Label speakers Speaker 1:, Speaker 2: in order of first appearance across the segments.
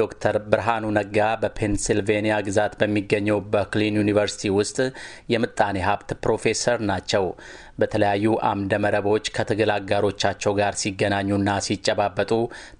Speaker 1: ዶክተር ብርሃኑ ነጋ በፔንሲልቬኒያ ግዛት በሚገኘው በክሊን ዩኒቨርሲቲ ውስጥ የምጣኔ ሀብት ፕሮፌሰር ናቸው። በተለያዩ አምደ መረቦች ከትግል አጋሮቻቸው ጋር ሲገናኙና ሲጨባበጡ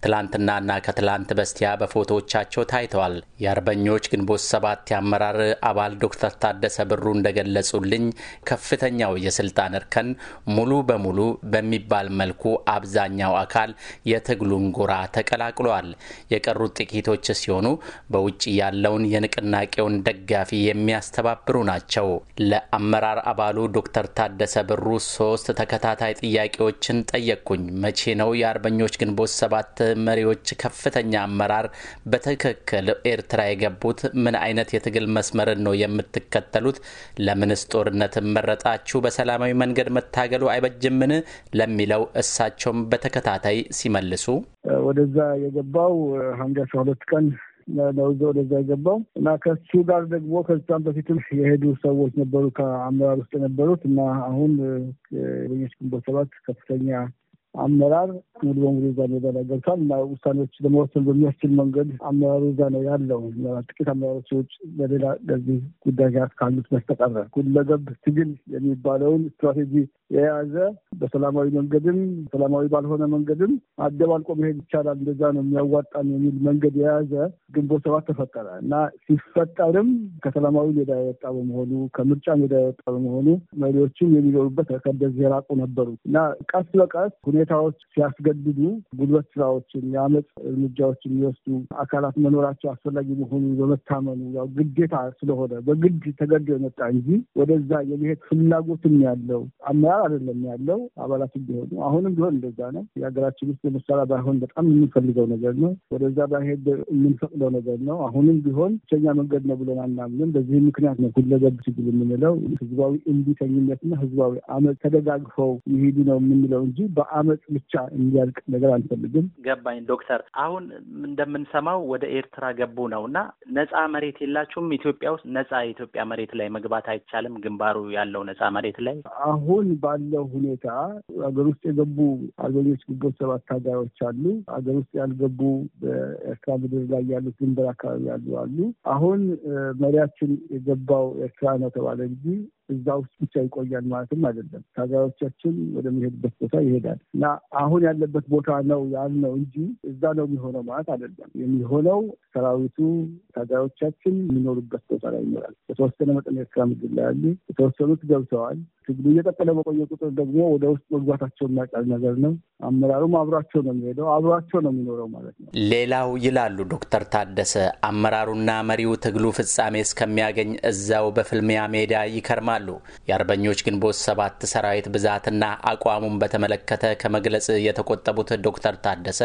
Speaker 1: ትላንትናና ከትላንት በስቲያ በፎቶዎቻቸው ታይተዋል። የአርበኞች ግንቦት ሰባት የአመራር አባል ዶክተር ታደሰ ብሩ እንደገለጹልኝ ከፍተኛው የስልጣን እርከን ሙሉ በሙሉ በሚባል መልኩ አብዛኛው አካል የትግሉን ጎራ ተቀላቅሏል። የቀሩት ጥቂቶች ሲሆኑ በውጭ ያለውን የንቅናቄውን ደጋፊ የሚያስተባብሩ ናቸው። ለአመራር አባሉ ዶክተር ታደሰ ብሩ ሶስት ተከታታይ ጥያቄዎችን ጠየቅኩኝ። መቼ ነው የአርበኞች ግንቦት ሰባት መሪዎች ከፍተኛ አመራር በትክክል ኤርትራ የገቡት? ምን አይነት የትግል መስመርን ነው የምትከተሉት? ለምንስ ጦርነት መረጣችሁ? በሰላማዊ መንገድ መታገሉ አይበጅምን? ለሚለው እሳቸውም በተከታታይ ሲመልሱ
Speaker 2: ወደዛ የገባው ሀምሌ ሁለት ቀን ነው እዛ ወደዛ የገባው እና ከሱ ጋር ደግሞ ከዛም በፊትም የሄዱ ሰዎች ነበሩ ከአመራር ውስጥ የነበሩት እና አሁን የበኞች ግንቦት ሰባት ከፍተኛ አመራር ሙሉ በሙሉ እዛ ነው የበላይ ገብቷል እና ውሳኔዎች ለመወሰን በሚያስችል መንገድ አመራሩ እዛ ነው ያለው። ጥቂት አመራሮች ውጭ በሌላ ለዚህ ጉዳይ ጋር ካሉት በስተቀረ ሁለገብ ትግል የሚባለውን ስትራቴጂ የያዘ በሰላማዊ መንገድም ሰላማዊ ባልሆነ መንገድም አደባልቆ መሄድ ይቻላል፣ እንደዛ ነው የሚያዋጣን የሚል መንገድ የያዘ ግንቦት ሰባት ተፈጠረ እና ሲፈጠርም ከሰላማዊ ሜዳ የወጣ በመሆኑ ከምርጫ ሜዳ የወጣ በመሆኑ መሪዎችም የሚኖሩበት ከደዚህ የራቁ ነበሩ እና ቀስ በቀስ ሁኔታዎች ሲያስገድዱ ጉልበት ስራዎችን፣ የአመፅ እርምጃዎች የሚወስዱ አካላት መኖራቸው አስፈላጊ መሆኑ በመታመኑ ያው ግዴታ ስለሆነ በግድ ተገዶ የመጣ እንጂ ወደዛ የመሄድ ፍላጎትም ያለው አመራር አይደለም ያለው አባላት ቢሆኑ አሁንም ቢሆን እንደዛ ነው። የሀገራችን ውስጥ የመሳሪያ ባይሆን በጣም የምንፈልገው ነገር ነው። ወደዛ ባይሄድ የምንፈቅደው ነገር ነው። አሁንም ቢሆን ብቸኛ መንገድ ነው ብለን አናምንም። በዚህ ምክንያት ነው ሁለገብ ችግር የምንለው ህዝባዊ እንቢተኝነትና ህዝባዊ አመ ተደጋግፈው ይሄዱ ነው የምንለው እንጂ በአመ በአመፅ ብቻ እንዲያልቅ ነገር አንፈልግም።
Speaker 1: ገባኝ ዶክተር። አሁን እንደምንሰማው ወደ ኤርትራ ገቡ ነው እና ነፃ መሬት የላችሁም ኢትዮጵያ ውስጥ ነፃ የኢትዮጵያ መሬት ላይ መግባት አይቻልም። ግንባሩ ያለው ነፃ መሬት ላይ
Speaker 2: አሁን ባለው ሁኔታ ሀገር ውስጥ የገቡ አገሮች ግንቦት ሰባት ታጋዮች አሉ። ሀገር ውስጥ ያልገቡ በኤርትራ ምድር ላይ ያሉት ድንበር አካባቢ ያሉ አሉ። አሁን መሪያችን የገባው ኤርትራ ነው ተባለ እንጂ እዛ ውስጥ ብቻ ይቆያል ማለትም አይደለም። ታጋዮቻችን ወደሚሄድበት ቦታ ይሄዳል እና አሁን ያለበት ቦታ ነው ያልነው እንጂ እዛ ነው የሚሆነው ማለት አይደለም። የሚሆነው ሰራዊቱ ታጋዮቻችን የሚኖሩበት ቦታ ላይ ይኖራል። የተወሰነ መጠን ኤርትራ ምድር ላይ ያሉ የተወሰኑት ገብተዋል። ትግሉ እየቀጠለ በቆየ ቁጥር ደግሞ ወደ ውስጥ መግባታቸው የሚያቃል ነገር ነው። አመራሩም አብሯቸው ነው የሚሄደው፣ አብሯቸው ነው የሚኖረው ማለት
Speaker 1: ነው። ሌላው ይላሉ ዶክተር ታደሰ አመራሩና መሪው ትግሉ ፍጻሜ እስከሚያገኝ እዛው በፍልሚያ ሜዳ ይከርማል ይጠቁማሉ። የአርበኞች ግንቦት ሰባት ሰራዊት ብዛትና አቋሙን በተመለከተ ከመግለጽ የተቆጠቡት ዶክተር ታደሰ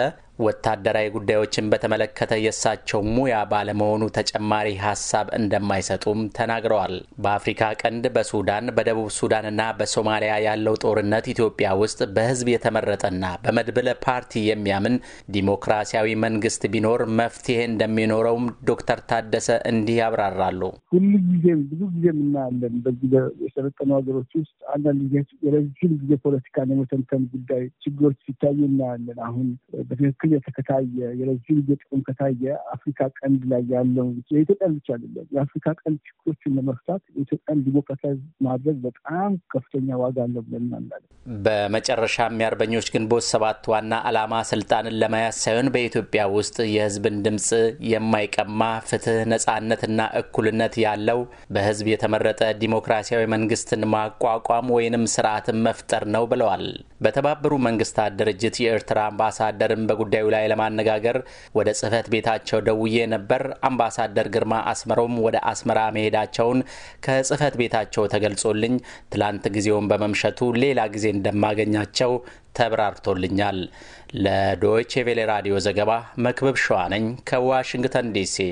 Speaker 1: ወታደራዊ ጉዳዮችን በተመለከተ የእሳቸው ሙያ ባለመሆኑ ተጨማሪ ሀሳብ እንደማይሰጡም ተናግረዋል። በአፍሪካ ቀንድ በሱዳን፣ በደቡብ ሱዳንና በሶማሊያ ያለው ጦርነት ኢትዮጵያ ውስጥ በህዝብ የተመረጠና በመድብለ ፓርቲ የሚያምን ዲሞክራሲያዊ መንግስት ቢኖር መፍትሄ እንደሚኖረውም ዶክተር ታደሰ እንዲህ ያብራራሉ።
Speaker 2: ሁሉ ጊዜም ብዙ ጊዜም እናያለን። በዚህ በሰለጠኑ ሀገሮች ውስጥ አንዳንድ ጊዜ የረዥም ጊዜ ፖለቲካ የመተንተን ጉዳይ ችግሮች ሲታዩ እናያለን። አሁን በትክክል ክፍተት ከታየ የረዥም የጥቅም ከታየ አፍሪካ ቀንድ ላይ ያለው የኢትዮጵያ ብቻ አይደለም የአፍሪካ ቀንድ ችግሮችን ለመፍታት የኢትዮጵያን ዲሞክራታይዝ ማድረግ በጣም ከፍተኛ ዋጋ አለው ብለን እናምናለን።
Speaker 1: በመጨረሻም የአርበኞች ግንቦት ሰባት ዋና ዓላማ ስልጣንን ለመያዝ ሳይሆን በኢትዮጵያ ውስጥ የህዝብን ድምፅ የማይቀማ ፍትህ፣ ነጻነትና እኩልነት ያለው በህዝብ የተመረጠ ዲሞክራሲያዊ መንግስትን ማቋቋም ወይንም ስርዓትን መፍጠር ነው ብለዋል። በተባበሩ መንግስታት ድርጅት የኤርትራ አምባሳደርን በጉዳይ በጉዳዩ ላይ ለማነጋገር ወደ ጽህፈት ቤታቸው ደውዬ ነበር። አምባሳደር ግርማ አስመሮም ወደ አስመራ መሄዳቸውን ከጽህፈት ቤታቸው ተገልጾልኝ ትላንት ጊዜውን በመምሸቱ ሌላ ጊዜ እንደማገኛቸው ተብራርቶልኛል። ለዶይቼ ቬሌ ራዲዮ ዘገባ መክብብ ሸዋ ነኝ ከዋሽንግተን ዲሲ።